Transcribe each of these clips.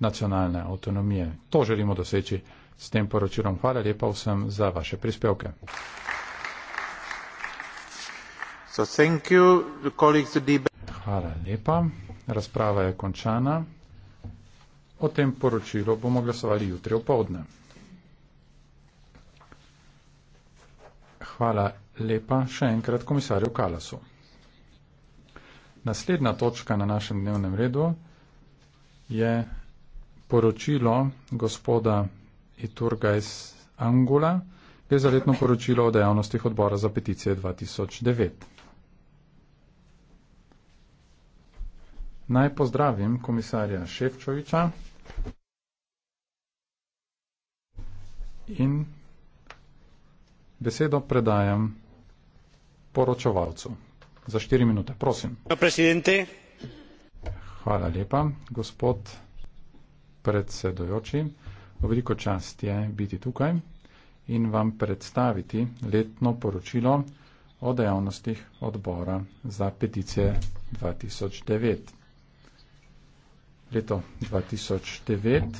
nacionalne avtonomije. To želimo doseči s tem poročilom. Hvala lepa vsem za vaše prispevke. So you, Hvala lepa. Razprava je končana. O tem poročilu bomo glasovali jutri v povdne. Hvala lepa še enkrat komisarju Kalasu. Naslednja točka na našem dnevnem redu je poročilo gospoda Iturga iz Angula, gre za letno poročilo o dejavnostih odbora za peticije 2009. Naj pozdravim komisarja Ševčoviča in besedo predajam poročevalcu. Za štiri minute, prosim. Hvala lepa, gospod predsedujočim veliko čast je biti tukaj in vam predstaviti letno poročilo o dejavnostih odbora za peticije 2009. Leto 2009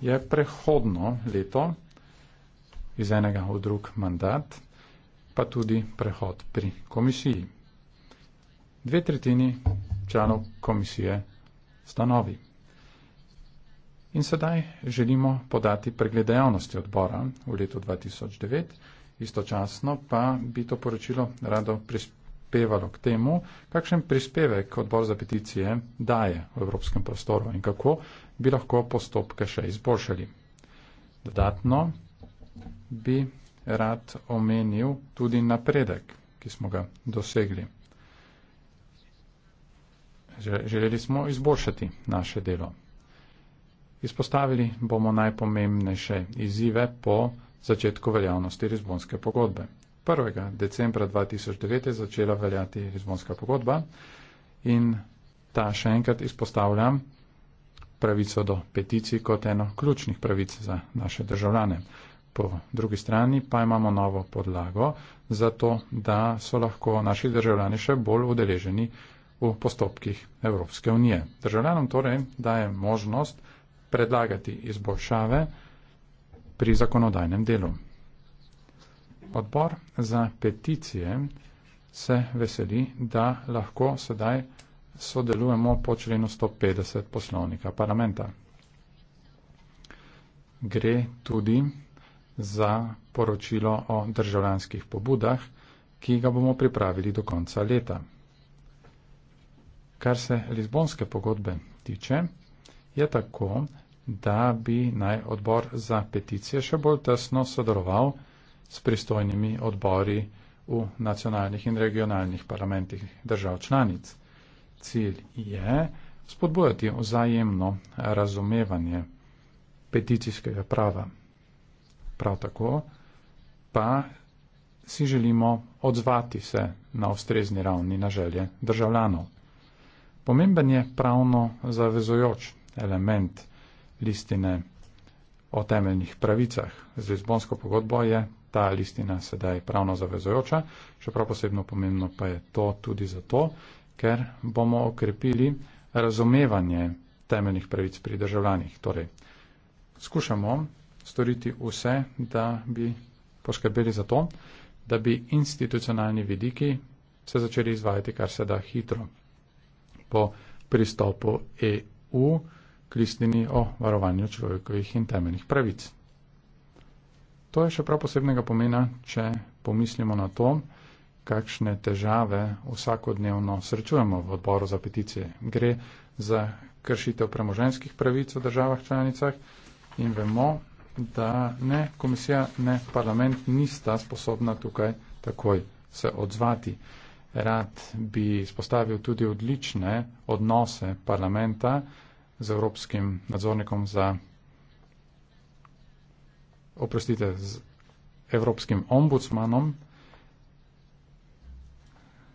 je prehodno leto iz enega v drug mandat, pa tudi prehod pri komisiji. Dve tretjini članov komisije sta novi. In sedaj želimo podati pregled dejavnosti odbora v letu 2009, istočasno pa bi to poročilo rado prispevalo k temu, kakšen prispevek odbor za peticije daje v evropskem prostoru in kako bi lahko postopke še izboljšali. Dodatno bi rad omenil tudi napredek, ki smo ga dosegli. Želeli smo izboljšati naše delo. Izpostavili bomo najpomembnejše izzive po začetku veljavnosti Lizbonske pogodbe. 1. decembra 2009 je začela veljati Lizbonska pogodba in ta še enkrat izpostavljam pravico do peticij kot eno ključnih pravic za naše državljane. Po drugi strani pa imamo novo podlago za to, da so lahko naši državljani še bolj udeleženi v postopkih Evropske unije. Državljanom torej daje možnost, predlagati izboljšave pri zakonodajnem delu. Odbor za peticije se veseli, da lahko sedaj sodelujemo po členu 150 poslovnika parlamenta. Gre tudi za poročilo o državljanskih pobudah, ki ga bomo pripravili do konca leta. Kar se Lizbonske pogodbe tiče, je tako, da bi naj odbor za peticije še bolj tesno sodeloval s pristojnimi odbori v nacionalnih in regionalnih parlamentih držav članic. Cilj je spodbojati vzajemno razumevanje peticijskega prava. Prav tako pa si želimo odzvati se na ustrezni ravni na želje državljanov. Pomemben je pravno zavezojoč element listine o temeljnih pravicah. Z Lizbonsko pogodbo je ta listina sedaj pravno zavezojoča, čeprav posebno pomembno pa je to tudi zato, ker bomo okrepili razumevanje temeljnih pravic pri državljanih. Torej, skušamo storiti vse, da bi poskrbeli za to, da bi institucionalni vidiki se začeli izvajati kar se da hitro po pristopu EU. Kristini o varovanju človekovih in temeljnih pravic. To je še prav posebnega pomena, če pomislimo na to, kakšne težave vsakodnevno srečujemo v odboru za peticije. Gre za kršitev premoženskih pravic v državah članicah in vemo, da ne komisija, ne parlament nista sposobna tukaj takoj se odzvati. Rad bi spostavil tudi odlične odnose parlamenta z evropskim nadzornikom za oprostite, z evropskim ombudsmanom.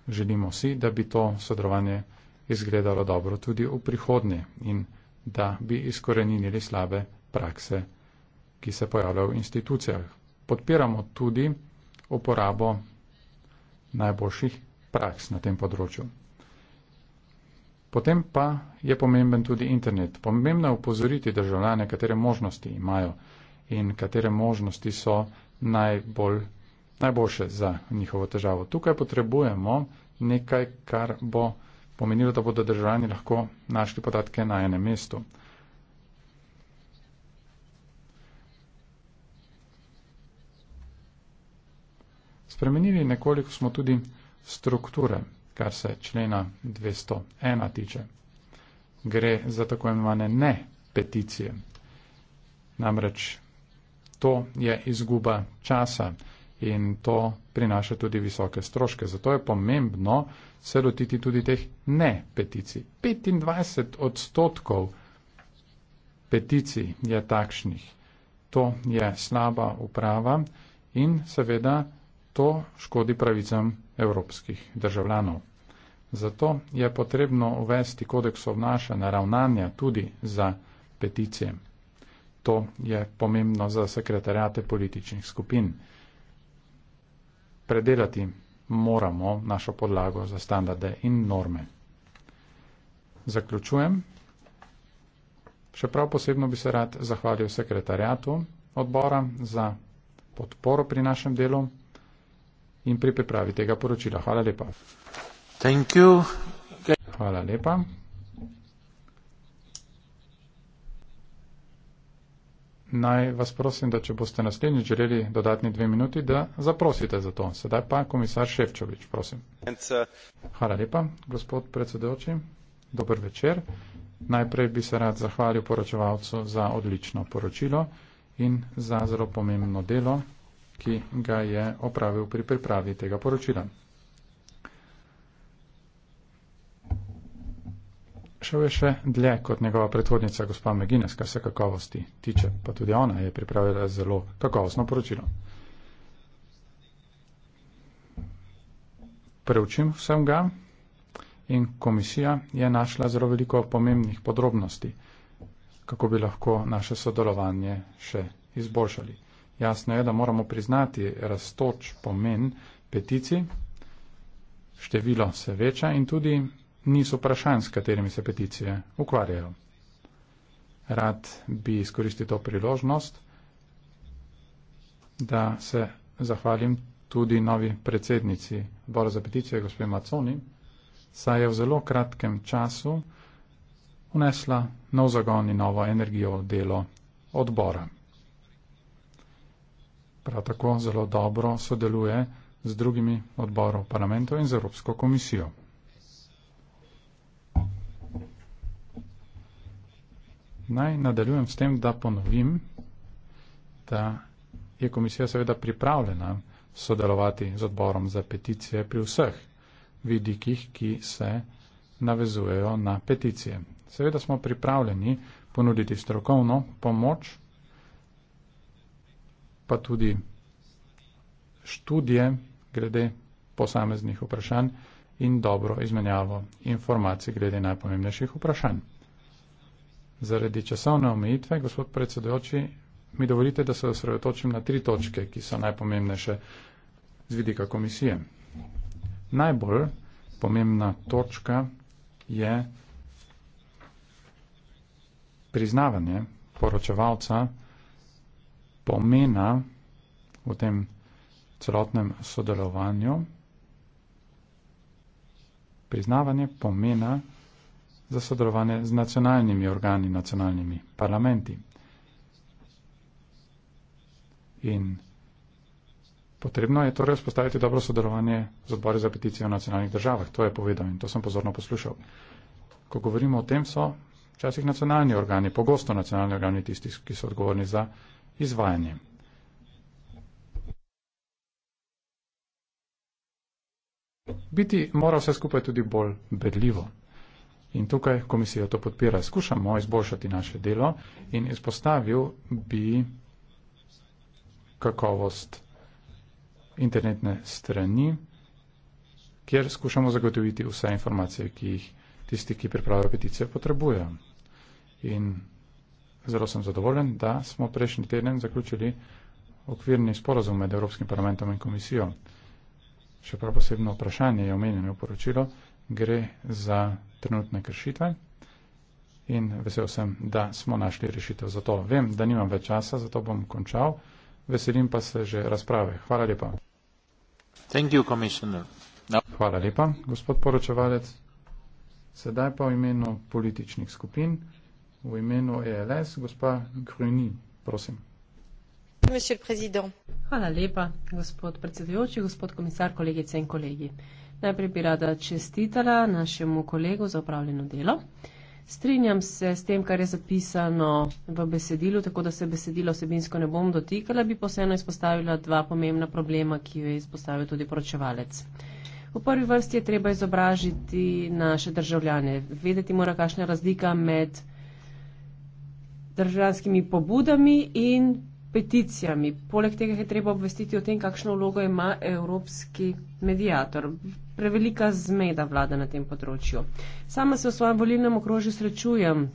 Želimo si, da bi to sodelovanje izgledalo dobro tudi v prihodnje in da bi izkorenili slabe prakse, ki se pojavljajo v institucijah. Podpiramo tudi uporabo najboljših praks na tem področju. Potem pa je pomemben tudi internet. Pomembno je upozoriti državljane, katere možnosti imajo in katere možnosti so najbolj, najboljše za njihovo težavo. Tukaj potrebujemo nekaj, kar bo pomenilo, da bodo državljani lahko našli podatke na enem mestu. Spremenili nekoliko smo tudi strukture kar se člena 201 tiče. Gre za tako imenovane ne peticije. Namreč to je izguba časa in to prinaša tudi visoke stroške. Zato je pomembno se lotiti tudi teh ne peticij. 25 odstotkov peticij je takšnih. To je slaba uprava in seveda To škodi pravicam evropskih državljanov. Zato je potrebno uvesti kodeks obnašanja ravnanja tudi za peticije. To je pomembno za sekretarjate političnih skupin. Predelati moramo našo podlago za standarde in norme. Zaključujem. Še prav posebno bi se rad zahvalil sekretarjatu odbora za podporo pri našem delu in pri pripravi tega poročila. Hvala lepa. Hvala lepa. Naj vas prosim, da če boste naslednji želeli dodatni dve minuti, da zaprosite za to. Sedaj pa komisar Ševčovič, prosim. Hvala lepa, gospod predsedoči. Dober večer. Najprej bi se rad zahvalil poročevalcu za odlično poročilo in za zelo pomembno delo, ki ga je opravil pri pripravi tega poročila. Šel je še dlje kot njegova predhodnica gospa Megines, kar se kakovosti tiče, pa tudi ona je pripravila zelo kakovostno poročilo. Preučim vsem ga in komisija je našla zelo veliko pomembnih podrobnosti, kako bi lahko naše sodelovanje še izboljšali. Jasno je, da moramo priznati raztoč pomen peticij, število se veča in tudi niso vprašanj, s katerimi se peticije ukvarjajo. Rad bi izkoristil to priložnost, da se zahvalim tudi novi predsednici Bora za peticije, gospod Maconi, saj je v zelo kratkem času unesla nov zagon in novo energijo delo odbora prav tako zelo dobro sodeluje z drugimi odborov parlamentov in z Evropsko komisijo. Naj nadaljujem s tem, da ponovim, da je komisija seveda pripravljena sodelovati z odborom za peticije pri vseh vidikih, ki se navezujejo na peticije. Seveda smo pripravljeni ponuditi strokovno pomoč pa tudi študije glede posameznih vprašanj in dobro izmenjavo informacij glede najpomembnejših vprašanj. Zaradi časovne omejitve, gospod predsedojoči, mi dovolite, da se osredotočim na tri točke, ki so najpomembnejše z vidika komisije. Najbolj pomembna točka je priznavanje poročevalca pomena v tem celotnem sodelovanju, priznavanje pomena za sodelovanje z nacionalnimi organi, nacionalnimi parlamenti. In potrebno je torej vzpostaviti dobro sodelovanje z odbori za peticijo v nacionalnih državah. To je povedal in to sem pozorno poslušal. Ko govorimo o tem, so včasih nacionalni organi, pogosto nacionalni organi tisti, ki so odgovorni za izvajanje. Biti mora vse skupaj tudi bolj bedljivo. In tukaj komisija to podpira. Skušamo izboljšati naše delo in izpostavil bi kakovost internetne strani, kjer skušamo zagotoviti vse informacije, ki jih tisti, ki pripravljajo peticijo, potrebujejo. In zelo sem zadovoljen, da smo prejšnji teden zaključili okvirni sporozum med Evropskim parlamentom in komisijo. Še prav posebno vprašanje je omenjeno v poročilo, gre za trenutne kršitve in vesel sem, da smo našli rešitev za to. Vem, da nimam več časa, zato bom končal. Veselim pa se že razprave. Hvala lepa. You, no. Hvala lepa, gospod poročevalec. Sedaj pa v imenu političnih skupin v imenu ELS, gospa Gruni, prosim. Hvala lepa, gospod predsedujoči, gospod komisar, kolegice in kolegi. Najprej bi rada čestitala našemu kolegu za upravljeno delo. Strinjam se s tem, kar je zapisano v besedilu, tako da se besedilo osebinsko ne bom dotikala, bi posebno izpostavila dva pomembna problema, ki jo je izpostavil tudi poročevalec. V prvi vrsti je treba izobražiti naše državljane. Vedeti mora, kakšna je razlika med državskimi pobudami in peticijami. Poleg tega je treba obvestiti o tem, kakšno vlogo ima evropski medijator. Prevelika zmeda vlada na tem področju. Sama se v svojem volilnem okrožju srečujem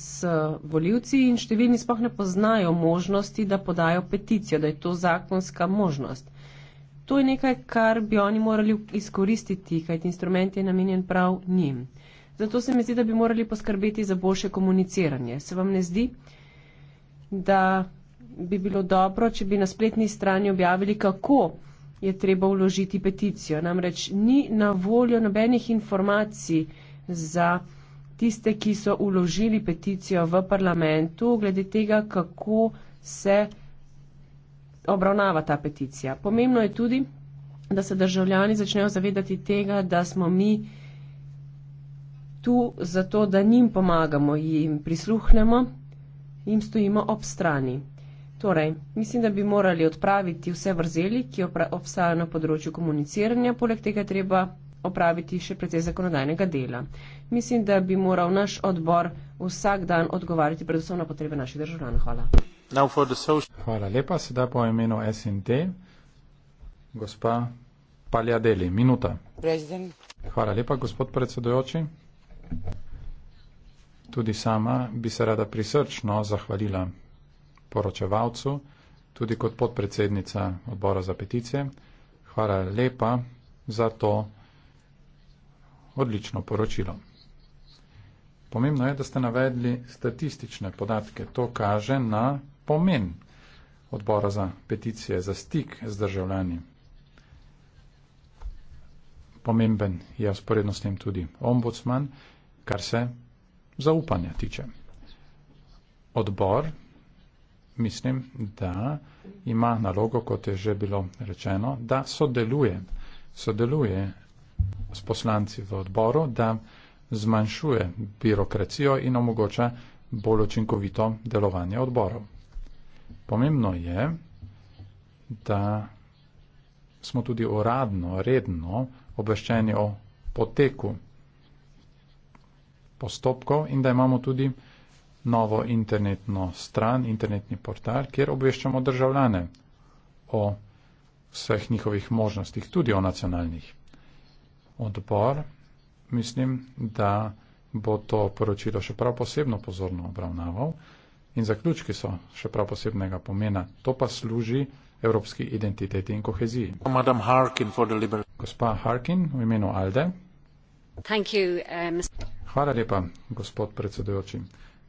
s voljivci in številni spoh ne poznajo možnosti, da podajo peticijo, da je to zakonska možnost. To je nekaj, kar bi oni morali izkoristiti, kajti instrument je namenjen prav njim. Uh, Zato se mi zdi, da bi morali poskrbeti za boljše komuniciranje. Se vam ne zdi, da bi bilo dobro, če bi na spletni strani objavili, kako je treba vložiti peticijo. Namreč ni na voljo nobenih informacij za tiste, ki so vložili peticijo v parlamentu, glede tega, kako se obravnava ta peticija. Pomembno je tudi, da se državljani začnejo zavedati tega, da smo mi tu zato, da njim pomagamo, jim prisluhnemo, jim stojimo ob strani. Torej, mislim, da bi morali odpraviti vse vrzeli, ki obstajajo na področju komuniciranja, poleg tega treba opraviti še precej zakonodajnega dela. Mislim, da bi moral naš odbor vsak dan odgovarjati predvsem na potrebe naših državljanov. Hvala. Hvala lepa. Sedaj po imenu SND, gospa Paljadeli. Minuta. President. Hvala lepa, gospod predsedujoči. Tudi sama bi se rada prisrčno zahvalila poročevalcu, tudi kot podpredsednica odbora za peticije. Hvala lepa za to odlično poročilo. Pomembno je, da ste navedli statistične podatke. To kaže na pomen odbora za peticije, za stik z državljani. Pomemben je sporedno s tem tudi ombudsman kar se zaupanja tiče. Odbor, mislim, da ima nalogo, kot je že bilo rečeno, da sodeluje, sodeluje s poslanci v odboru, da zmanjšuje birokracijo in omogoča bolj očinkovito delovanje odborov. Pomembno je, da smo tudi uradno, redno obveščeni o poteku postopkov in da imamo tudi novo internetno stran, internetni portal, kjer obveščamo državljane o vseh njihovih možnostih, tudi o nacionalnih. Odbor, mislim, da bo to poročilo še prav posebno pozorno obravnaval in zaključki so še prav posebnega pomena. To pa služi evropski identiteti in koheziji. Harkin Gospa Harkin v imenu Alde. Thank you, uh, eh, Mr. Hvala lepa, gospod predsedujoči.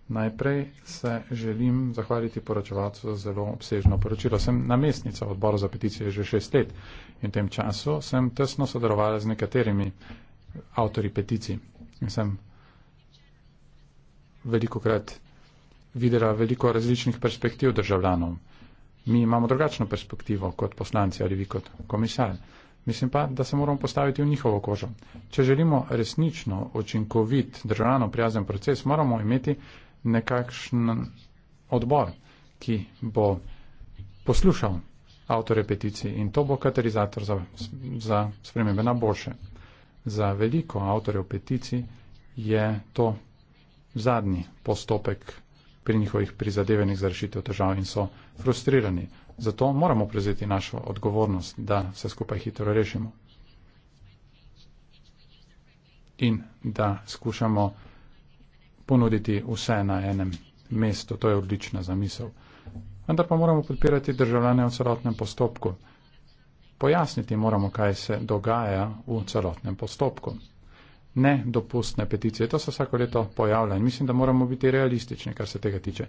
Najprej se želim zahvaliti poročevalcu za zelo obsežno poročilo. Sem namestnica odbora za peticije že šest let in v tem času sem tesno sodelovala z nekaterimi avtori peticij. Sem veliko krat videla veliko različnih perspektiv državljanov. Mi imamo drugačno perspektivo kot poslanci ali vi kot komisar. Mislim pa, da se moramo postaviti v njihovo kožo. Če želimo resnično, očinkovit, državno prijazen proces, moramo imeti nekakšen odbor, ki bo poslušal avtore peticij in to bo katalizator za, za spremembe na boljše. Za veliko avtorjev peticij je to zadnji postopek pri njihovih prizadevanjih za rešitev težav in so frustrirani. Zato moramo prevzeti našo odgovornost, da vse skupaj hitro rešimo. In da skušamo ponuditi vse na enem mestu. To je odlična zamisel. Vendar pa moramo podpirati državljane v celotnem postopku. Pojasniti moramo, kaj se dogaja v celotnem postopku nedopustne peticije. To se vsako leto pojavlja in mislim, da moramo biti realistični, kar se tega tiče.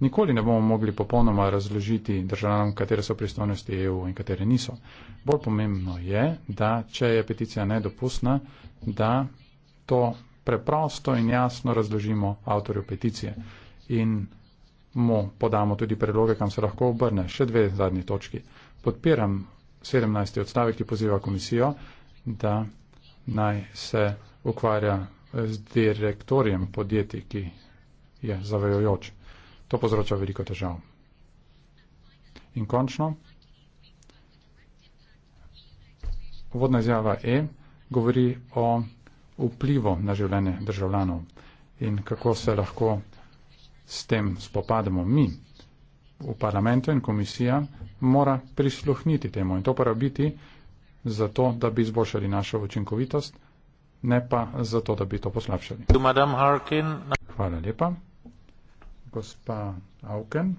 Nikoli ne bomo mogli popolnoma razložiti državam, katere so pristojnosti EU in katere niso. Bolj pomembno je, da če je peticija nedopustna, da to preprosto in jasno razložimo avtorju peticije in mu podamo tudi predloge, kam se lahko obrne. Še dve zadnji točki. Podpiram 17. odstavek, ki poziva komisijo, da naj se ukvarja z direktorjem podjetij, ki je zavajojoč. To povzroča veliko težav. In končno, vodna izjava E govori o vplivu na življenje državljanov in kako se lahko s tem spopademo mi. V parlamentu in komisija mora prisluhniti temu in to porabiti zato, da bi izboljšali našo učinkovitost ne pa zato, da bi to poslavšali. Hvala lepa. Gospa Auken,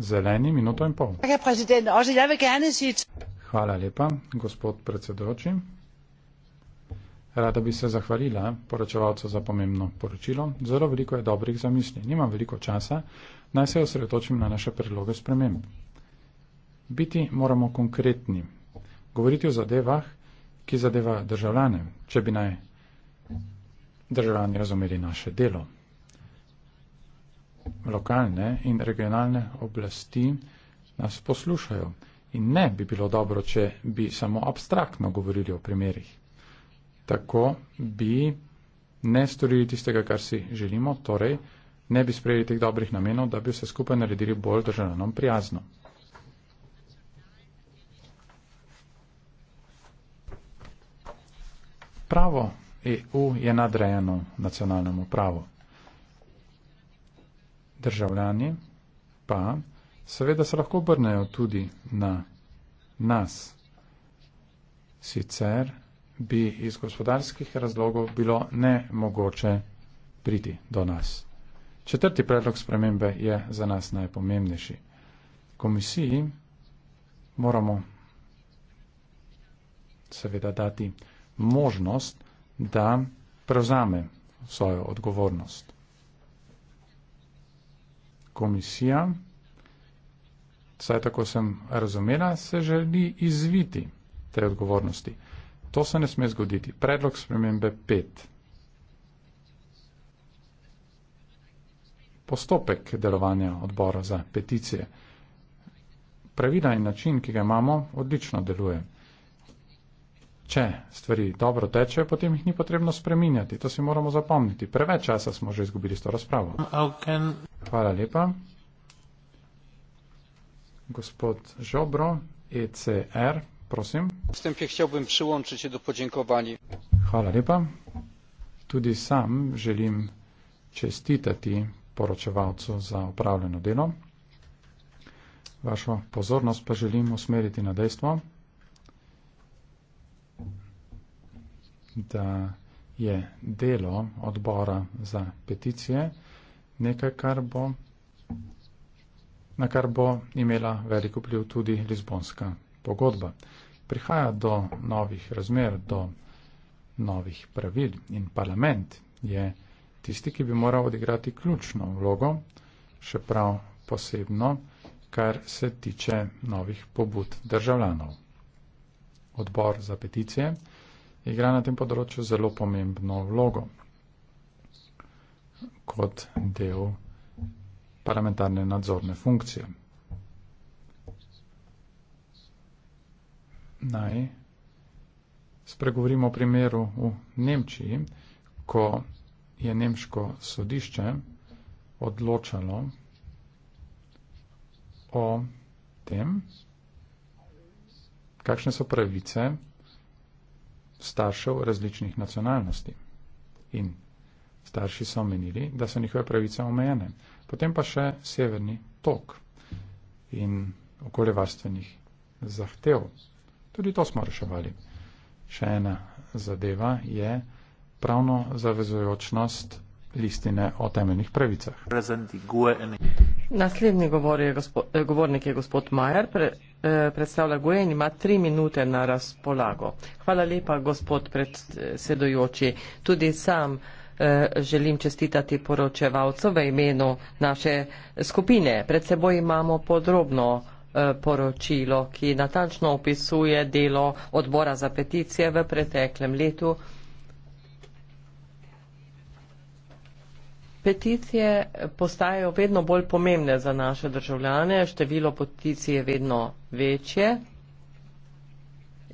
zeleni minuto in pol. Hvala lepa, gospod predsedoči. Rada bi se zahvalila poročevalcu za pomembno poročilo. Zelo veliko je dobrih zamisli. Nimam veliko časa. Naj se osredotočim na naše predloge sprememb. Biti moramo konkretni. Govoriti o zadevah, ki zadeva državljane. Če bi naj državljani razumeli naše delo. Lokalne in regionalne oblasti nas poslušajo in ne bi bilo dobro, če bi samo abstraktno govorili o primerih. Tako bi ne storili tistega, kar si želimo, torej ne bi sprejeli teh dobrih namenov, da bi se skupaj naredili bolj državljanom prijazno. Pravo EU je nadrejeno nacionalnemu pravu. Državljani pa seveda se lahko obrnejo tudi na nas. Sicer bi iz gospodarskih razlogov bilo nemogoče priti do nas. Četrti predlog spremembe je za nas najpomembnejši. Komisiji moramo seveda dati možnost, da prevzame svojo odgovornost. Komisija, vsaj tako sem razumela, se želi izviti te odgovornosti. To se ne sme zgoditi. Predlog spremembe 5. Postopek delovanja odbora za peticije. Pravila in način, ki ga imamo, odlično delujejo če stvari dobro tečejo, potem jih ni potrebno spreminjati. To si moramo zapomniti. Preveč časa smo že izgubili s to razpravo. Can... Hvala lepa. Gospod Žobro, ECR, prosim. Hvala lepa. Tudi sam želim čestitati poročevalcu za upravljeno delo. Vašo pozornost pa želim usmeriti na dejstvo, da je delo odbora za peticije nekaj, kar bo, na kar bo imela veliko pliv tudi Lizbonska pogodba. Prihaja do novih razmer, do novih pravil in parlament je tisti, ki bi moral odigrati ključno vlogo, še prav posebno, kar se tiče novih pobud državljanov. Odbor za peticije igra na tem področju zelo pomembno vlogo kot del parlamentarne nadzorne funkcije. Naj spregovorimo o primeru v Nemčiji, ko je nemško sodišče odločalo o tem, kakšne so pravice staršev različnih nacionalnosti. In starši so menili, da so njihove pravice omejene. Potem pa še severni tok in okoljevarstvenih zahtev. Tudi to smo reševali. Še ena zadeva je pravno zavezujočnost listine o temeljnih pravicah. Naslednji govor je gospod, eh, govornik je gospod Majer, pre, Eh, predstavlja Gojen, ima tri minute na razpolago. Hvala lepa, gospod predsedojoči. Tudi sam eh, želim čestitati poročevalcu v imenu naše skupine. Pred seboj imamo podrobno eh, poročilo, ki natančno opisuje delo odbora za peticije v preteklem letu. Peticije postajajo vedno bolj pomembne za naše državljane, število peticij je vedno večje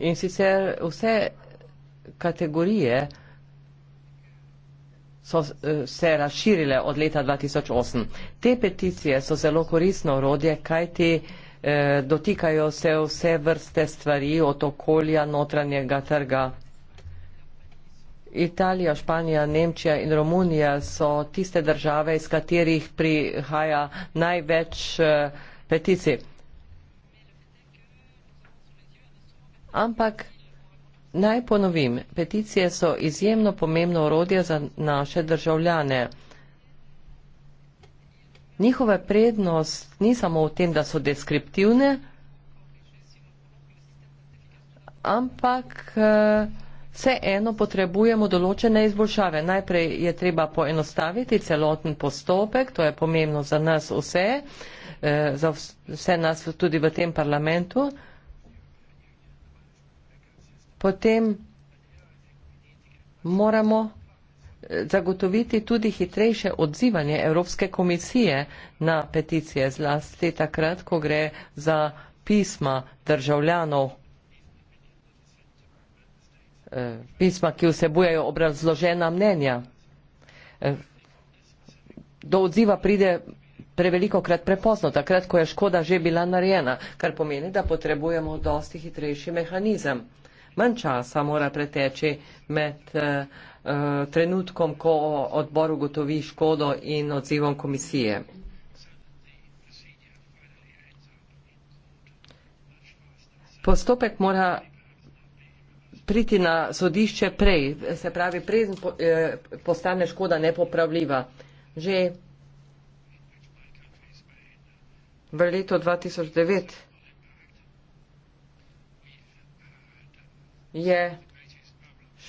in sicer vse kategorije so eh, se razširile od leta 2008. Te peticije so zelo koristno urodje, kajti eh, dotikajo se vse vrste stvari od okolja, notranjega trga, Italija, Španija, Nemčija in Romunija so tiste države, iz katerih prihaja največ eh, peticij. Ampak naj ponovim, peticije so izjemno pomembno orodje za naše državljane. Njihova prednost ni samo v tem, da so deskriptivne, ampak uh, vseeno potrebujemo določene izboljšave. Najprej je treba poenostaviti celoten postopek, to je pomembno za nas vse, eh, za vse nas tudi v tem parlamentu. Potem moramo eh, zagotoviti tudi hitrejše odzivanje Evropske komisije na peticije, zlasti takrat, ko gre za pisma državljanov Eh, pisma, ki vsebujejo obrazložena mnenja. Eh, do odziva pride preveliko krat prepozno, takrat, ko je škoda že bila narejena, kar pomeni, da potrebujemo dosti hitrejši mehanizem. Manj časa mora preteči med uh, trenutkom, ko odbor ugotovi škodo in odzivom komisije. Postopek mora priti na sodišče prej, se pravi, prej po, eh, postane škoda nepopravljiva. Že v letu 2009 je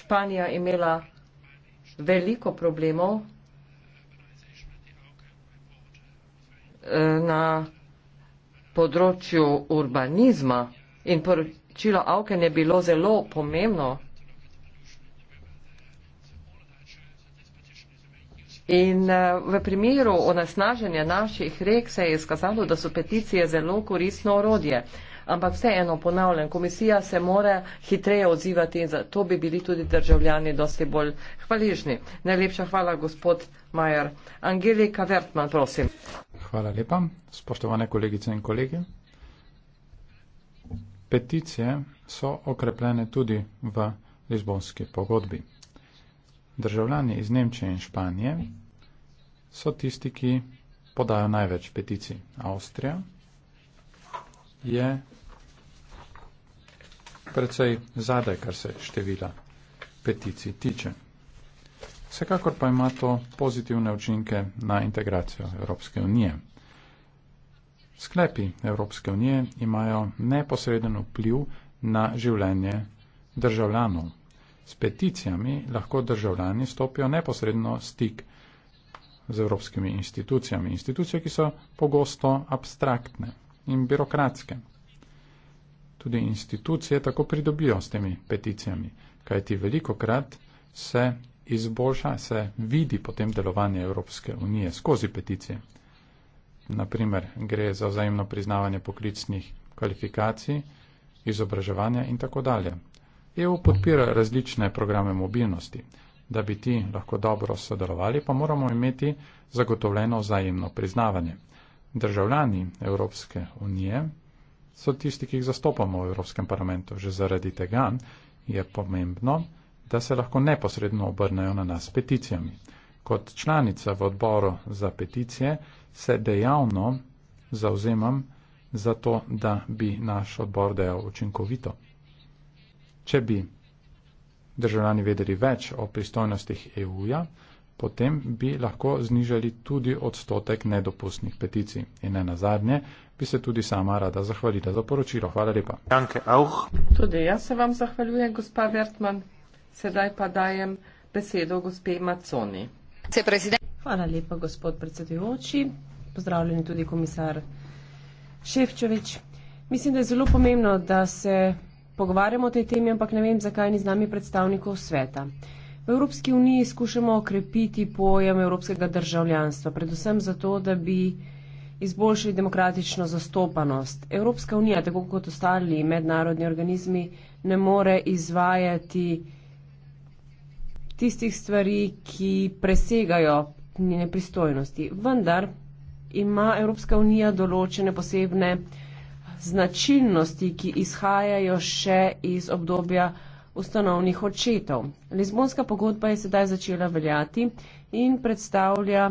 Španija imela veliko problemov eh, na področju urbanizma in poročilo Avken je bilo zelo pomembno. In eh, v primeru onesnaženja naših rek se je izkazalo, da so peticije zelo koristno orodje. Ampak vseeno ponavljam, komisija se mora hitreje odzivati in zato bi bili tudi državljani dosti bolj hvaležni. Najlepša hvala, gospod Majer. Angelika Vertman, prosim. Hvala lepa, spoštovane kolegice in kolege. Peticije so okrepljene tudi v Lizbonski pogodbi. Državljani iz Nemčije in Španije so tisti, ki podajo največ peticij. Avstrija je precej zadaj, kar se števila peticij tiče. Vsekakor pa ima to pozitivne učinke na integracijo Evropske unije. Sklepi Evropske unije imajo neposreden vpliv na življenje državljanov. S peticijami lahko državljani stopijo neposredno stik z evropskimi institucijami. Institucije, ki so pogosto abstraktne in birokratske. Tudi institucije tako pridobijo s temi peticijami, kajti veliko krat se izboljša, se vidi potem delovanje Evropske unije skozi peticije. Naprimer, gre za vzajemno priznavanje poklicnih kvalifikacij, izobraževanja in tako dalje. EU podpira različne programe mobilnosti. Da bi ti lahko dobro sodelovali, pa moramo imeti zagotovljeno vzajemno priznavanje. Državljani Evropske unije so tisti, ki jih zastopamo v Evropskem parlamentu. Že zaradi tega je pomembno, da se lahko neposredno obrnejo na nas peticijami. Kot članica v odboru za peticije se dejavno zauzemam za to, da bi naš odbor dejal učinkovito. Če bi državljani vedeli več o pristojnostih EU-ja, potem bi lahko znižali tudi odstotek nedopustnih peticij. In ne nazadnje, bi se tudi sama rada zahvalila za poročilo. Hvala lepa. Danke auch. Tudi jaz se vam zahvaljujem, gospa Wertmann. Sedaj pa dajem besedo gospe Maconi. Se Hvala lepa, gospod predsedujoči. Pozdravljeni tudi komisar Ševčevič. Mislim, da je zelo pomembno, da se pogovarjamo o tej temi, ampak ne vem, zakaj ni z nami predstavnikov sveta. V Evropski uniji skušamo okrepiti pojem evropskega državljanstva, predvsem zato, da bi izboljšali demokratično zastopanost. Evropska unija, tako kot ostali mednarodni organizmi, ne more izvajati tistih stvari, ki presegajo njene pristojnosti. Vendar ima Evropska unija določene posebne značilnosti, ki izhajajo še iz obdobja ustanovnih očetov. Lizbonska pogodba je sedaj začela veljati in predstavlja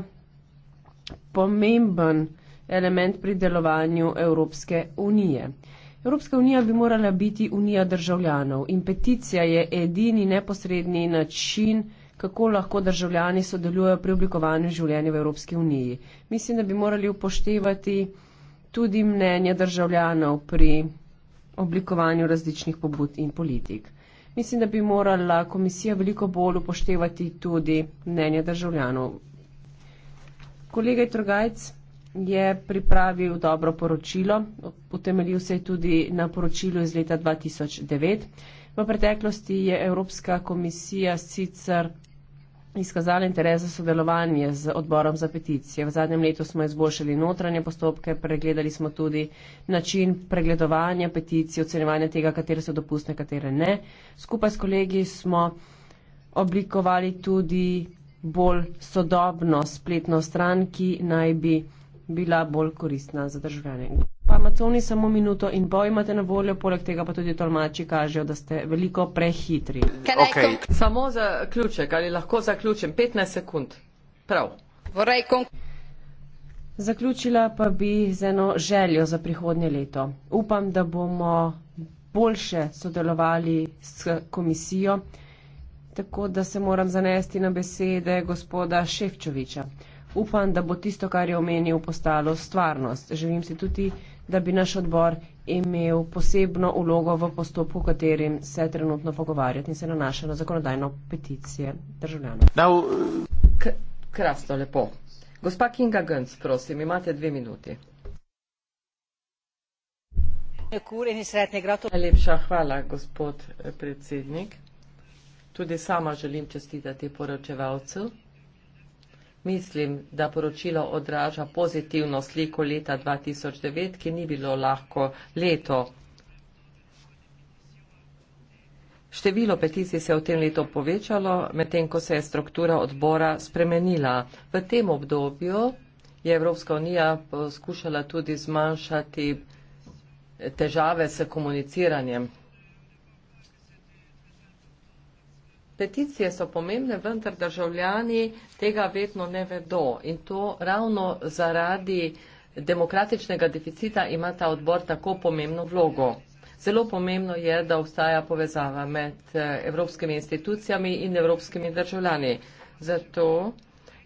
pomemben element pri delovanju Evropske unije. Evropska unija bi morala biti unija državljanov in peticija je edini neposredni način, kako lahko državljani sodelujo pri oblikovanju življenja v Evropski uniji. Mislim, da bi morali upoštevati tudi mnenje državljanov pri oblikovanju različnih pobud in politik. Mislim, da bi morala komisija veliko bolj upoštevati tudi mnenje državljanov. Kolega Trgajc je pripravil dobro poročilo, utemeljil se je tudi na poročilu iz leta 2009. V preteklosti je Evropska komisija sicer izkazala interes za sodelovanje z odborom za peticije. V zadnjem letu smo izboljšali notranje postopke, pregledali smo tudi način pregledovanja peticij, ocenjevanja tega, katere so dopustne, katere ne. Skupaj s kolegi smo oblikovali tudi bolj sodobno spletno stran, ki naj bi bila bolj koristna za državljane pa maconi samo minuto in pol imate na voljo, poleg tega pa tudi tolmači kažejo, da ste veliko prehitri. Okay. Samo za ključek, ali lahko zaključim, 15 sekund. Prav. Zaključila pa bi z eno željo za prihodnje leto. Upam, da bomo boljše sodelovali s komisijo, tako da se moram zanesti na besede gospoda Ševčoviča. Upam, da bo tisto, kar je omenil, postalo stvarnost. Želim si tudi da bi naš odbor imel posebno ulogo v postopku, v katerem se trenutno pogovarjate in se nanaša na zakonodajno peticije državljanov. Now, uh... Krasno, lepo. Gospa Kinga Gönc, prosim, imate dve minuti. Najlepša hvala, gospod eh, predsednik. Tudi sama želim čestitati poročevalcu. Mislim, da poročilo odraža pozitivno sliko leta 2009, ki ni bilo lahko leto. Število peticij se je v tem letu povečalo, medtem ko se je struktura odbora spremenila. V tem obdobju je Evropska unija poskušala tudi zmanjšati težave s komuniciranjem Peticije so pomembne, vendar državljani tega vedno ne vedo in to ravno zaradi demokratičnega deficita ima ta odbor tako pomembno vlogo. Zelo pomembno je, da obstaja povezava med eh, evropskimi institucijami in evropskimi državljani. Zato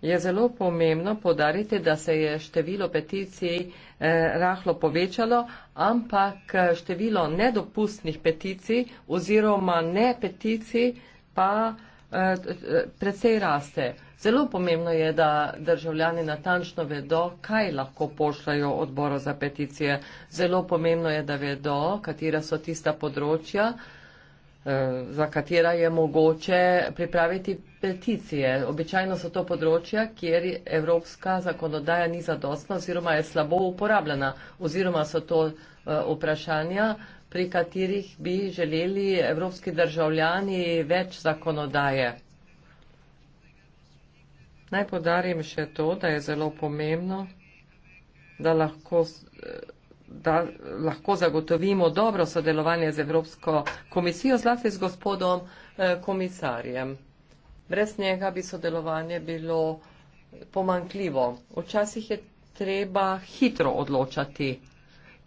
je zelo pomembno podariti, da se je število peticij eh, rahlo povečalo, ampak eh, število nedopustnih peticij oziroma ne peticij pa eh, precej raste. Zelo pomembno je, da državljani natančno vedo, kaj lahko pošljajo odboru za peticije. Zelo pomembno je, da vedo, katera so tista področja, eh, za katera je mogoče pripraviti peticije. Običajno so to področja, kjer evropska zakonodaja ni zadostna oziroma je slabo uporabljena oziroma so to eh, vprašanja, pri katerih bi želeli evropski državljani več zakonodaje. Naj podarim še to, da je zelo pomembno, da lahko, da lahko zagotovimo dobro sodelovanje z Evropsko komisijo, zlasti z gospodom eh, komisarjem. Brez njega bi sodelovanje bilo pomankljivo. Včasih je treba hitro odločati.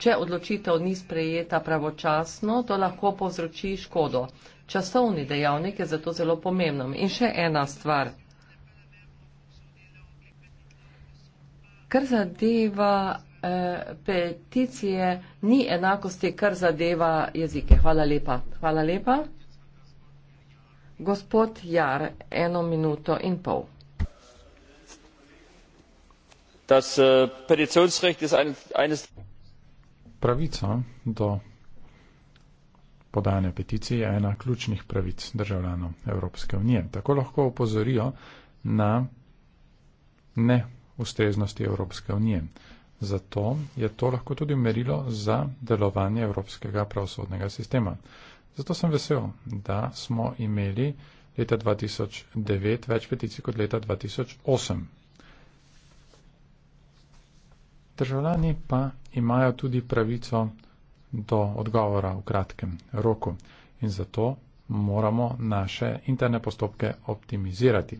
Če odločitev ni sprejeta pravočasno, to lahko povzroči škodo. Časovni dejavnik je zato zelo pomemben. In še ena stvar. Kar zadeva eh, peticije, ni enakosti, kar zadeva jezike. Hvala lepa. Hvala lepa. Gospod Jar, eno minuto in pol. Das äh, Petitionsrecht ist ein, eines pravico do podajanja peticij je ena ključnih pravic državljanov Evropske unije. Tako lahko opozorijo na neustreznosti Evropske unije. Zato je to lahko tudi merilo za delovanje Evropskega pravosodnega sistema. Zato sem vesel, da smo imeli leta 2009 več peticij kot leta 2008. Državljani pa imajo tudi pravico do odgovora v kratkem roku in zato moramo naše interne postopke optimizirati.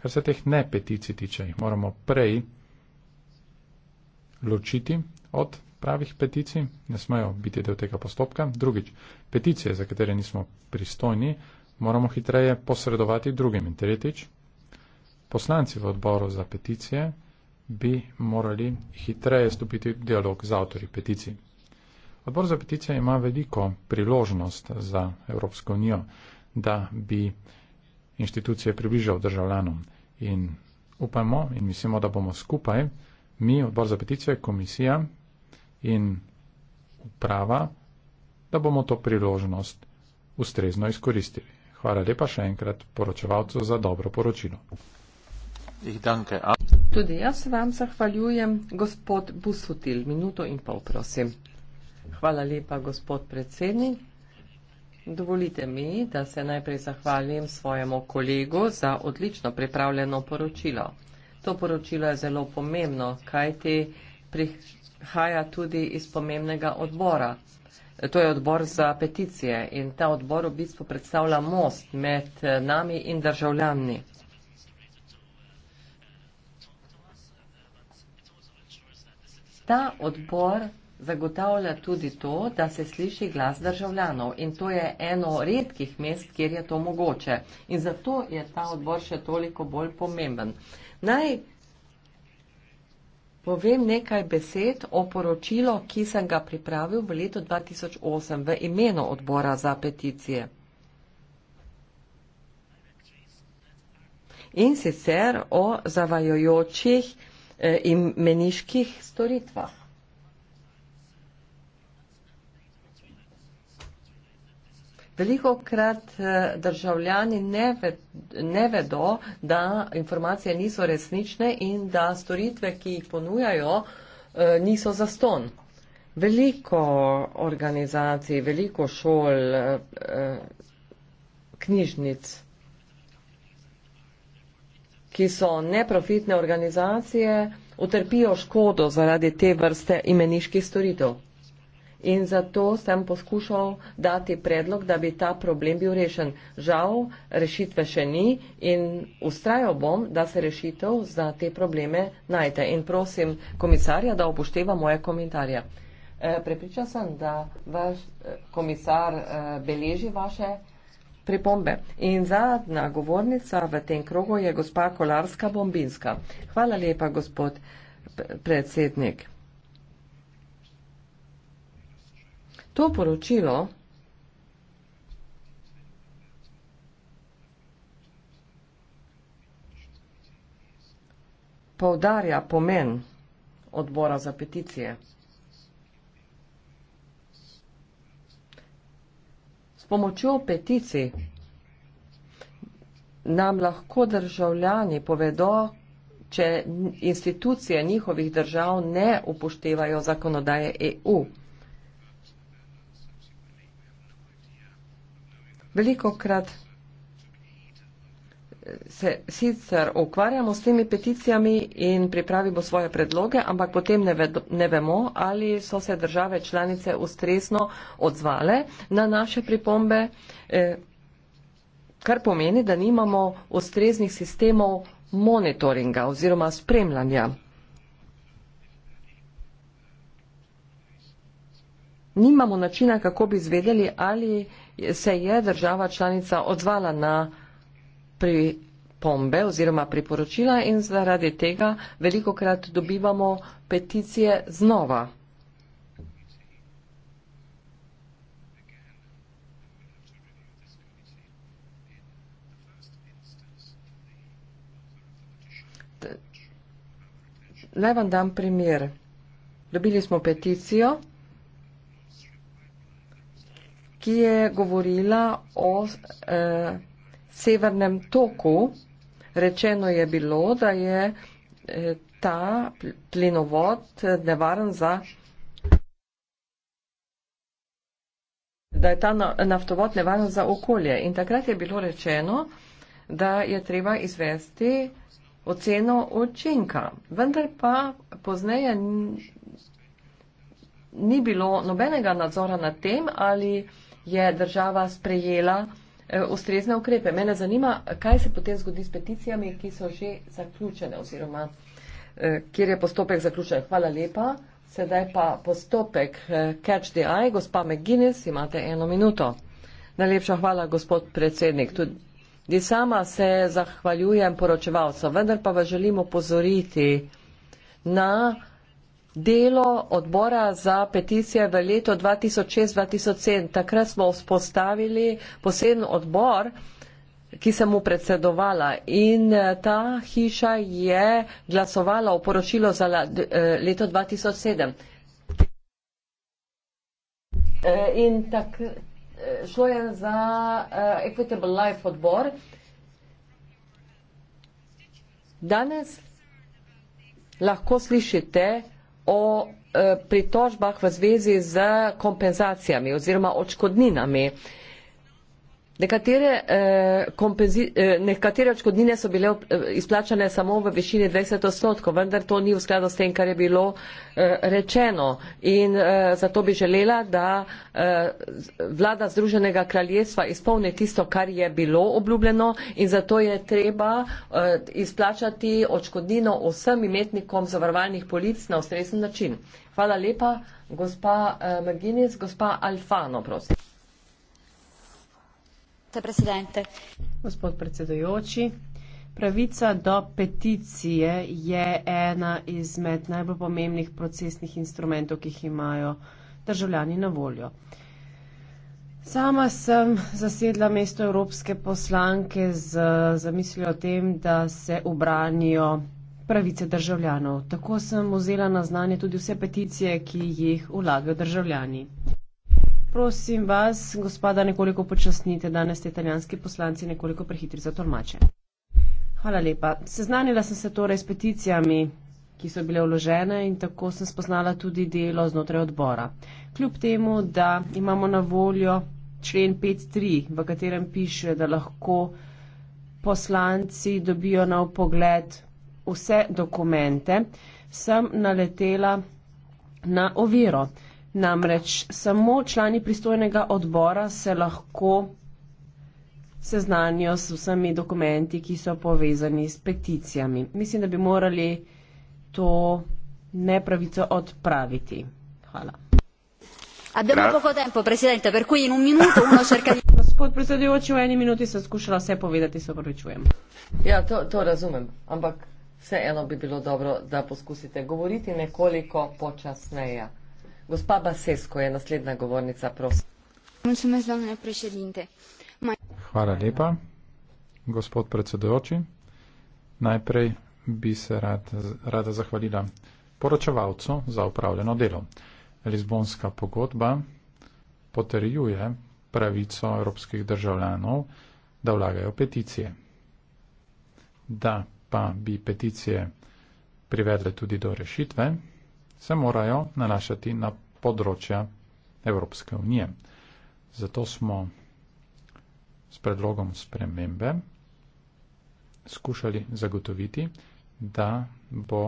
Kar se teh ne peticij tiče, jih moramo prej ločiti od pravih peticij, ne smejo biti del tega postopka. Drugič, peticije, za katere nismo pristojni, moramo hitreje posredovati drugim. In tretjič, poslanci v odboru za peticije bi morali hitreje stopiti v dialog z avtori peticij. Odbor za peticije ima veliko priložnost za Evropsko unijo, da bi inštitucije približal državljanom in upajmo in mislimo, da bomo skupaj, mi, odbor za peticije, komisija in uprava, da bomo to priložnost ustrezno izkoristili. Hvala lepa še enkrat poročevalcu za dobro poročilo. Ich danke. A Tudi jaz vam zahvaljujem, gospod Busutil, minuto in pol, prosim. Hvala lepa, gospod predsednik. Dovolite mi, da se najprej zahvalim svojemu kolegu za odlično pripravljeno poročilo. To poročilo je zelo pomembno, kajti prihaja tudi iz pomembnega odbora. To je odbor za peticije in ta odbor v bistvu predstavlja most med nami in državljani. Ta odpor zagotavlja tudi to, da se sliši glas državljanov in to je eno redkih mest, kjer je to mogoče. In zato je ta odbor še toliko bolj pomemben. Naj povem nekaj besed o poročilo, ki sem ga pripravil v letu 2008 v imenu odbora za peticije. In sicer o zavajojočih Eh, in meniških storitvah. Veliko krat eh, državljani ne, ve, ne vedo, da informacije niso resnične in da storitve, ki jih ponujajo, eh, niso zaston. Veliko organizacij, veliko šol, knjižnic ki so neprofitne organizacije, utrpijo škodo zaradi te vrste imeniških storitev. In zato sem poskušal dati predlog, da bi ta problem bil rešen. Žal, rešitve še ni in ustrajal bom, da se rešitev za te probleme najde. In prosim komisarja, da upošteva moje komentarje. E, Prepričan sem, da vaš eh, komisar e, beleži vaše pripombe. In zadnja govornica v tem krogu je gospa Kolarska Bombinska. Hvala lepa, gospod predsednik. To poročilo poudarja pomen odbora za peticije. pomočjo peticij nam lahko državljani povedo, če institucije njihovih držav ne upoštevajo zakonodaje EU. Veliko krat se sicer ukvarjamo s temi peticijami in pripravimo svoje predloge, ampak potem ne, vedo, ne vemo, ali so se države članice ustresno odzvale na naše pripombe, eh, kar pomeni, da nimamo ustreznih sistemov monitoringa oziroma spremljanja. Nimamo načina, kako bi izvedeli, ali se je država članica odzvala na pripombe oziroma priporočila in zaradi tega veliko krat dobivamo peticije znova. Naj vam dam primer. Dobili smo peticijo, ki je govorila o eh, severnem toku. Rečeno je bilo, da je eh, ta plinovod eh, nevaren za. da je ta naftovod nevaren za okolje. In takrat je bilo rečeno, da je treba izvesti oceno učinka. Vendar pa pozneje ni bilo nobenega nadzora nad tem, ali je država sprejela Eh, ustrezne ukrepe. Mene zanima, kaj se potem zgodi s peticijami, ki so že zaključene oziroma eh, kjer je postopek zaključen. Hvala lepa. Sedaj pa postopek eh, Catch the Eye. Gospa McGuinness, imate eno minuto. Najlepša hvala, gospod predsednik. Tudi sama se zahvaljujem poročevalcu, vendar pa vas želim opozoriti na delo odbora za peticije v letu 2006-2007. Takrat smo vzpostavili poseben odbor, ki sem mu predsedovala in eh, ta hiša je glasovala o poročilo za eh, leto 2007. Eh, in tak, šlo je za Equitable Life odbor. Danes lahko slišite, o eh, pritožbah v zvezi z kompenzacijami oziroma odškodninami Nekatere, eh, eh, nekatere odškodnine so bile eh, izplačane samo v višini 20 odstotkov, vendar to ni v skladu s tem, kar je bilo eh, rečeno. In eh, zato bi želela, da eh, vlada Združenega kraljestva izpolne tisto, kar je bilo obljubljeno in zato je treba eh, izplačati odškodnino vsem imetnikom zavarovalnih polic na ustrezen način. Hvala lepa, gospa eh, Maginis, gospa Alfano, prosim. Gospod predsedujoči, pravica do peticije je ena izmed najbolj pomembnih procesnih instrumentov, ki jih imajo državljani na voljo. Sama sem zasedla mesto evropske poslanke z zamislijo o tem, da se obranijo pravice državljanov. Tako sem vzela na znanje tudi vse peticije, ki jih vlagajo državljani. Prosim vas, gospoda, nekoliko počasnite, danes ste italijanski poslanci nekoliko prehitri za tolmače. Hvala lepa. Seznanila sem se torej s peticijami, ki so bile vložene in tako sem spoznala tudi delo znotraj odbora. Kljub temu, da imamo na voljo člen 5.3, v katerem piše, da lahko poslanci dobijo na upogled vse dokumente, sem naletela na oviro. Namreč samo člani pristojnega odbora se lahko seznanijo s vsemi dokumenti, ki so povezani s peticijami. Mislim, da bi morali to nepravico odpraviti. Hvala. Abbiamo poco tempo, Presidente, per cui in un minuto uno cerca di... Gospod predsedujoči, v eni minuti sem skušala vse povedati, se opravičujem. Ja, to, to razumem, ampak vseeno bi bilo dobro, da poskusite govoriti nekoliko počasneje. Gospa Basesko je naslednja govornica, prosim. Hvala lepa, gospod predsedojoči. Najprej bi se rad, rada zahvalila poročevalcu za upravljeno delo. Lizbonska pogodba potrjuje pravico evropskih državljanov, da vlagajo peticije. Da pa bi peticije privedle tudi do rešitve, se morajo nanašati na področja Evropske unije. Zato smo s predlogom spremembe skušali zagotoviti, da bo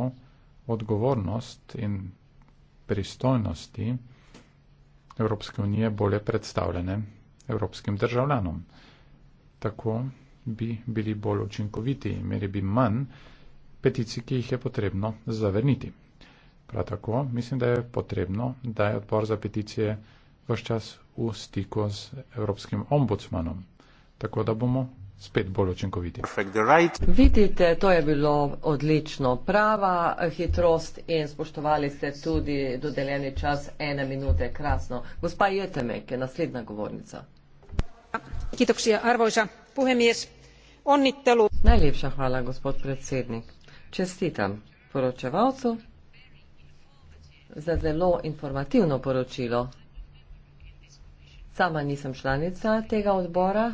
odgovornost in pristojnosti Evropske unije bolje predstavljene evropskim državljanom. Tako bi bili bolj učinkoviti, imeli bi manj peticij, ki jih je potrebno zavrniti. Prav tako mislim, da je potrebno, da je odbor za peticije vse čas v stiku z Evropskim ombudsmanom, tako da bomo spet bolj učinkoviti. Right. Vidite, to je bilo odlično. Prava hitrost in spoštovali ste tudi dodeljeni čas ene minute. Krasno. Gospa Jetemek je naslednja govornica. Najlepša hvala, gospod predsednik. Čestitam poročevalcu za zelo informativno poročilo. Sama nisem članica tega odbora,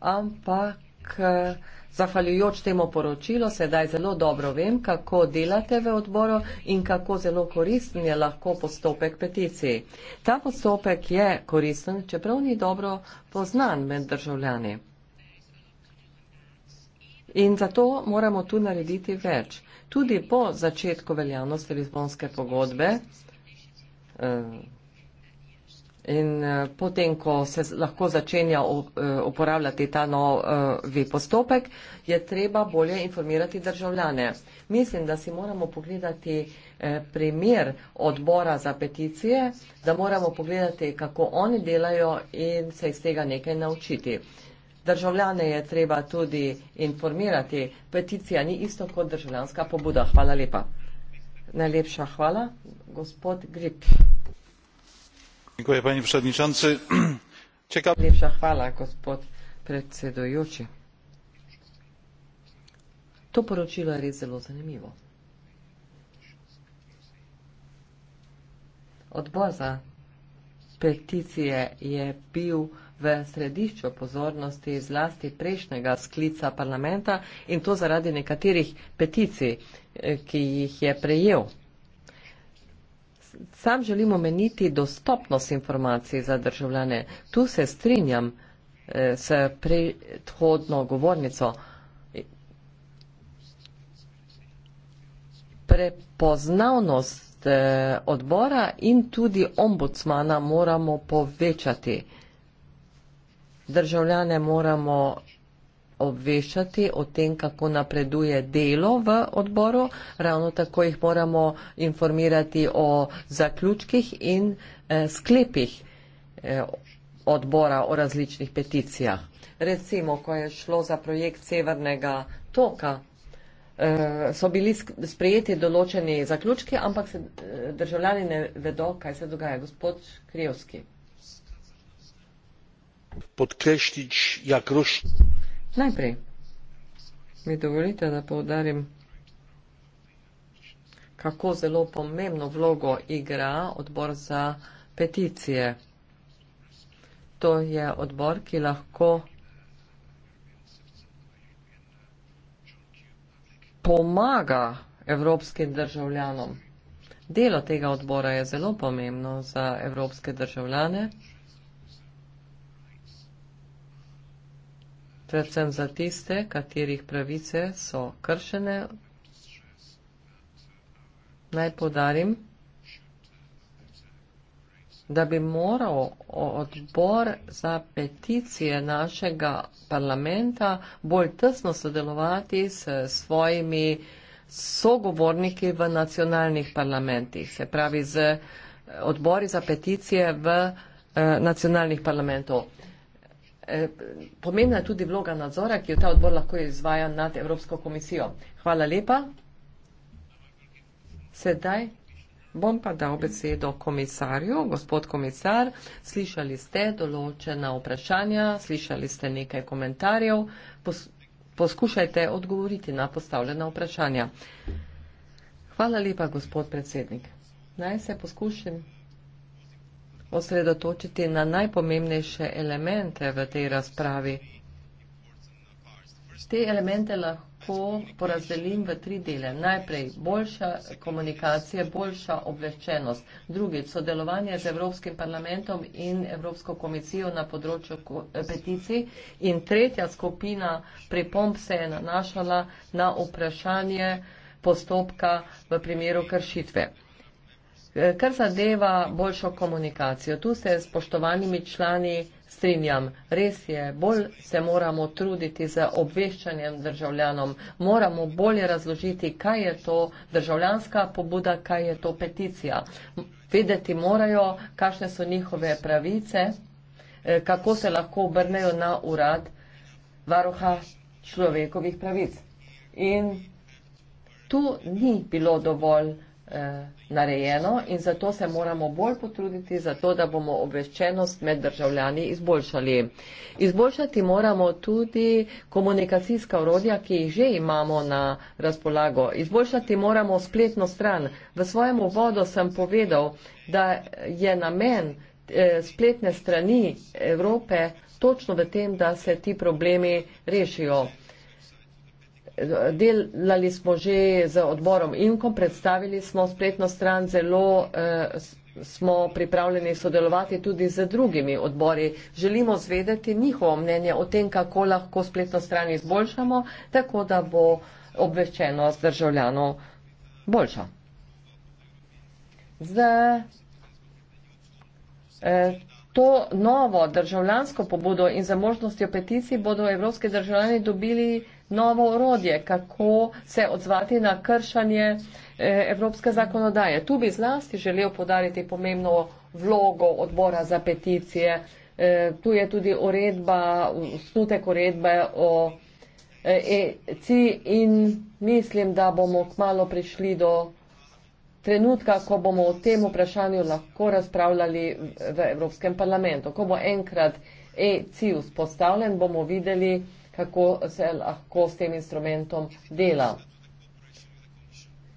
ampak eh, zahvaljujoč temu poročilu sedaj zelo dobro vem, kako delate v odboru in kako zelo koristen je lahko postopek peticij. Ta postopek je koristen, čeprav ni dobro poznan med državljani. In zato moramo tu narediti več. Tudi po začetku veljavnosti Lizbonske pogodbe eh, in eh, potem, ko se lahko začenja eh, uporabljati ta novi postopek, je treba bolje informirati državljane. Mislim, da si moramo pogledati primer odbora za peticije, da moramo pogledati, kako oni delajo in se iz tega nekaj naučiti državljane je treba tudi informirati. Peticija ni isto kot državljanska pobuda. Hvala lepa. Najlepša hvala. Gospod Grip. Dziękuję panie przewodniczący. Ciekawe. Najlepsza chwała, gospod przewodniczący. To poruczyło jest bardzo zanimivo. Odbor za petycje jest był v središču pozornosti zlasti prejšnjega sklica parlamenta in to zaradi nekaterih peticij, eh, ki jih je prejel. Sam želim omeniti dostopnost informacij za državljane. Tu se strinjam eh, s predhodno govornico. Prepoznavnost eh, odbora in tudi ombudsmana moramo povečati državljane moramo obveščati o tem, kako napreduje delo v odboru, ravno tako jih moramo informirati o zaključkih in eh, sklepih eh, odbora o različnih peticijah. Recimo, ko je šlo za projekt Severnega toka, eh, so bili sprejeti določeni zaključki, ampak se, eh, državljani ne vedo, kaj se dogaja. Gospod Krijovski podkreślić jak rośnie. Najpierw mi dovolite, da poudarim, kako zelo pomembno vlogo igra odbor za peticije. To je odbor, ki lahko pomaga evropskim državljanom. Delo tega odbora je zelo pomembno za evropske državljane. predvsem za tiste, katerih pravice so kršene. Naj podarim, da bi moral odbor za peticije našega parlamenta bolj tesno sodelovati s svojimi sogovorniki v nacionalnih parlamentih, se pravi z odbori za peticije v eh, nacionalnih parlamentov. Eh, pomembna je tudi vloga nadzora, ki jo ta odbor lahko izvaja nad Evropsko komisijo. Hvala lepa. Sedaj bom pa dal besedo komisarju. Gospod komisar, slišali ste določena vprašanja, slišali ste nekaj komentarjev. Pos poskušajte odgovoriti na postavljena vprašanja. Hvala lepa, gospod predsednik. Naj se poskušam osredotočiti na najpomembnejše elemente v tej razpravi. Te elemente lahko porazdelim v tri dele. Najprej boljša komunikacija, boljša obveščenost. Drugič, sodelovanje z Evropskim parlamentom in Evropsko komisijo na področju peticij. In tretja skupina pripomb se je nanašala na vprašanje postopka v primeru kršitve. Kar zadeva boljšo komunikacijo, tu se s poštovanimi člani strinjam. Res je, bolj se moramo truditi z obveščanjem državljanom. Moramo bolje razložiti, kaj je to državljanska pobuda, kaj je to peticija. Vedeti morajo, kakšne so njihove pravice, eh, kako se lahko obrnejo na urad varuha človekovih pravic. In tu ni bilo dovolj. Eh, narejeno in zato se moramo bolj potruditi, zato da bomo obveščenost med državljani izboljšali. Izboljšati moramo tudi komunikacijska urodja, ki jih že imamo na razpolago. Izboljšati moramo spletno stran. V svojem uvodu sem povedal, da je namen eh, spletne strani Evrope točno v tem, da se ti problemi rešijo delali smo že z odborom Inkom, predstavili smo spletno stran zelo. Eh, smo pripravljeni sodelovati tudi z drugimi odbori. Želimo zvedeti njihovo mnenje o tem, kako lahko spletno stran izboljšamo, tako da bo obveščenost državljanov boljša. Z, eh, To novo državljansko pobudo in za možnostjo peticij bodo evropski državljani dobili novo orodje, kako se odzvati na kršanje eh, evropske zakonodaje. Tu bi zlasti želel podariti pomembno vlogo odbora za peticije. Eh, tu je tudi uredba, snutek uredbe o ECI eh, e in mislim, da bomo kmalo prišli do trenutka, ko bomo o tem vprašanju lahko razpravljali v Evropskem parlamentu. Ko bo enkrat ECI vzpostavljen, bomo videli, kako se lahko s tem instrumentom dela.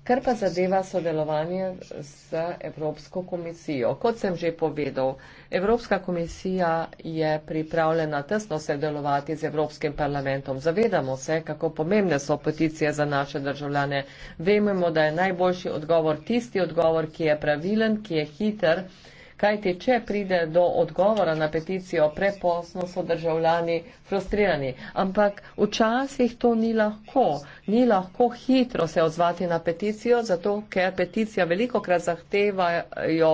Kar pa zadeva sodelovanje s Evropsko komisijo. Kot sem že povedal, Evropska komisija je pripravljena tesno sodelovati z Evropskim parlamentom. Zavedamo se, kako pomembne so peticije za naše državljane. Vemo, da je najboljši odgovor tisti odgovor, ki je pravilen, ki je hiter. Kaj ti, če pride do odgovora na peticijo, preposno so državljani frustrirani. Ampak včasih to ni lahko. Ni lahko hitro se odzvati na peticijo, zato ker peticija veliko krat zahtevajo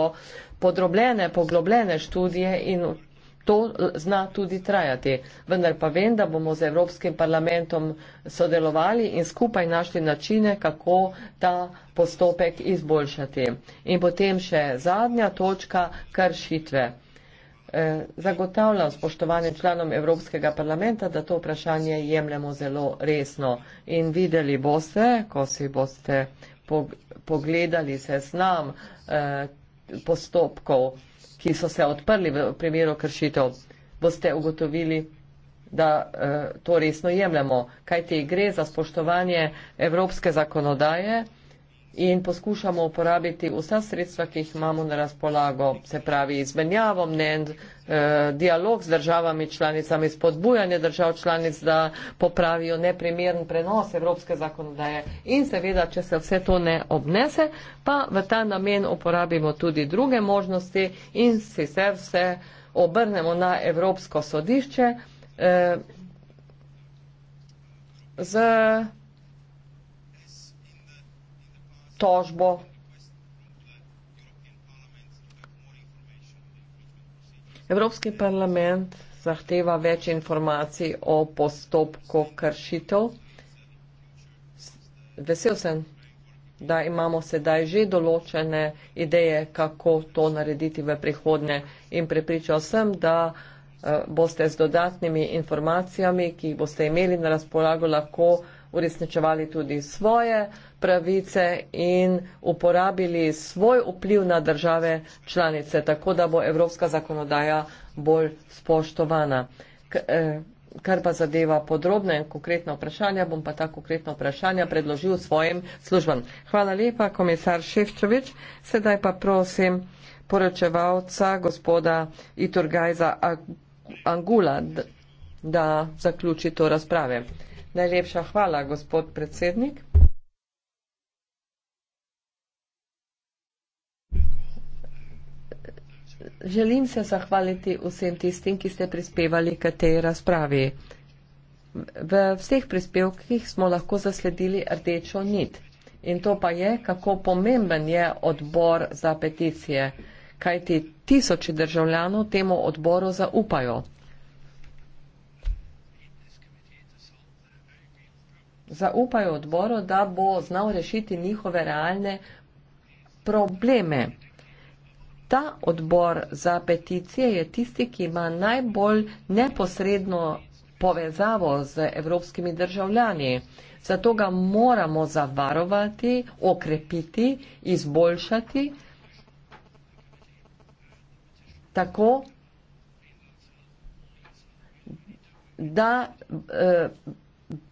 podrobljene, poglobljene študije in To eh, zna tudi trajati. Vendar pa vem, da bomo z Evropskim parlamentom sodelovali in skupaj našli načine, kako ta postopek izboljšati. In potem še zadnja točka kršitve. Eh, zagotavljam spoštovanim članom Evropskega parlamenta, da to vprašanje jemljemo zelo resno. In videli boste, ko si boste pogledali se znam eh, postopkov ki so se odprli v primeru kršitev, boste ugotovili, da eh, to resno jemljemo, kajti gre za spoštovanje evropske zakonodaje in poskušamo uporabiti vsa sredstva, ki jih imamo na razpolago, se pravi izmenjavo mnen, eh, dialog z državami članicami, spodbujanje držav članic, da popravijo neprimern prenos evropske zakonodaje in seveda, če se vse to ne obnese, pa v ta namen uporabimo tudi druge možnosti in si se vse obrnemo na Evropsko sodišče. Eh, tožbo. Evropski parlament zahteva več informacij o postopku kršitev. Vesel sem, da imamo sedaj že določene ideje, kako to narediti v prihodnje in prepričal sem, da eh, boste z dodatnimi informacijami, ki jih boste imeli na razpolago, lahko uresničevali tudi svoje pravice in uporabili svoj vpliv na države članice, tako da bo evropska zakonodaja bolj spoštovana. Eh, kar pa zadeva podrobne in konkretne vprašanja, bom pa ta konkretna vprašanja predložil svojim službam. Hvala lepa, komisar Ševčovič. Sedaj pa prosim poročevalca gospoda Iturgajza Angula, da zaključi to razprave. Najlepša hvala, gospod predsednik. Želim se zahvaliti vsem tistim, ki ste prispevali k tej razpravi. V vseh prispevkih smo lahko zasledili rdečo nit. In to pa je, kako pomemben je odbor za peticije, kajti tisoči državljanov temu odboru zaupajo. Zaupajo odboru, da bo znal rešiti njihove realne probleme ta odbor za peticije je tisti, ki ima najbolj neposredno povezavo z evropskimi državljani. Zato ga moramo zavarovati, okrepiti, izboljšati, tako da eh,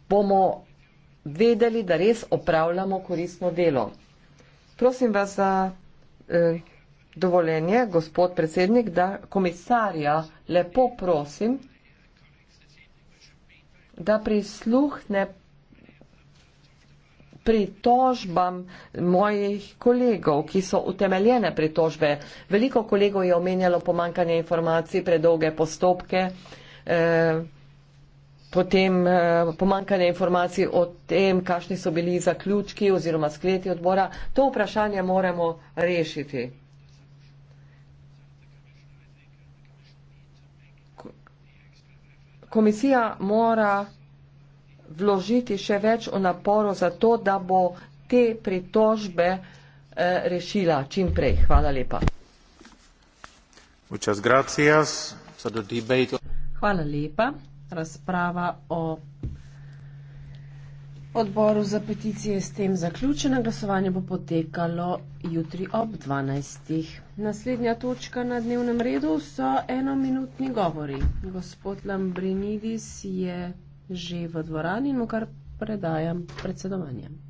bomo vedeli, da res opravljamo koristno delo. Prosim vas za eh, dovoljenje, gospod predsednik, da komisarja lepo prosim, da prisluhne pritožbam mojih kolegov, ki so utemeljene pritožbe. Veliko kolegov je omenjalo pomankanje informacij, predolge postopke, eh, potem eh, pomankanje informacij o tem, kakšni so bili zaključki oziroma skleti odbora. To vprašanje moramo rešiti. komisija mora vložiti še več v naporo za to, da bo te pritožbe eh, rešila čim prej. Hvala lepa. Hvala lepa. Razprava o odboru za peticije je s tem zaključeno. Glasovanje bo potekalo jutri ob 12. Naslednja točka na dnevnem redu so enominutni govori. Gospod Lambrinidis je že v dvorani in no mu kar predajam predsedovanjem.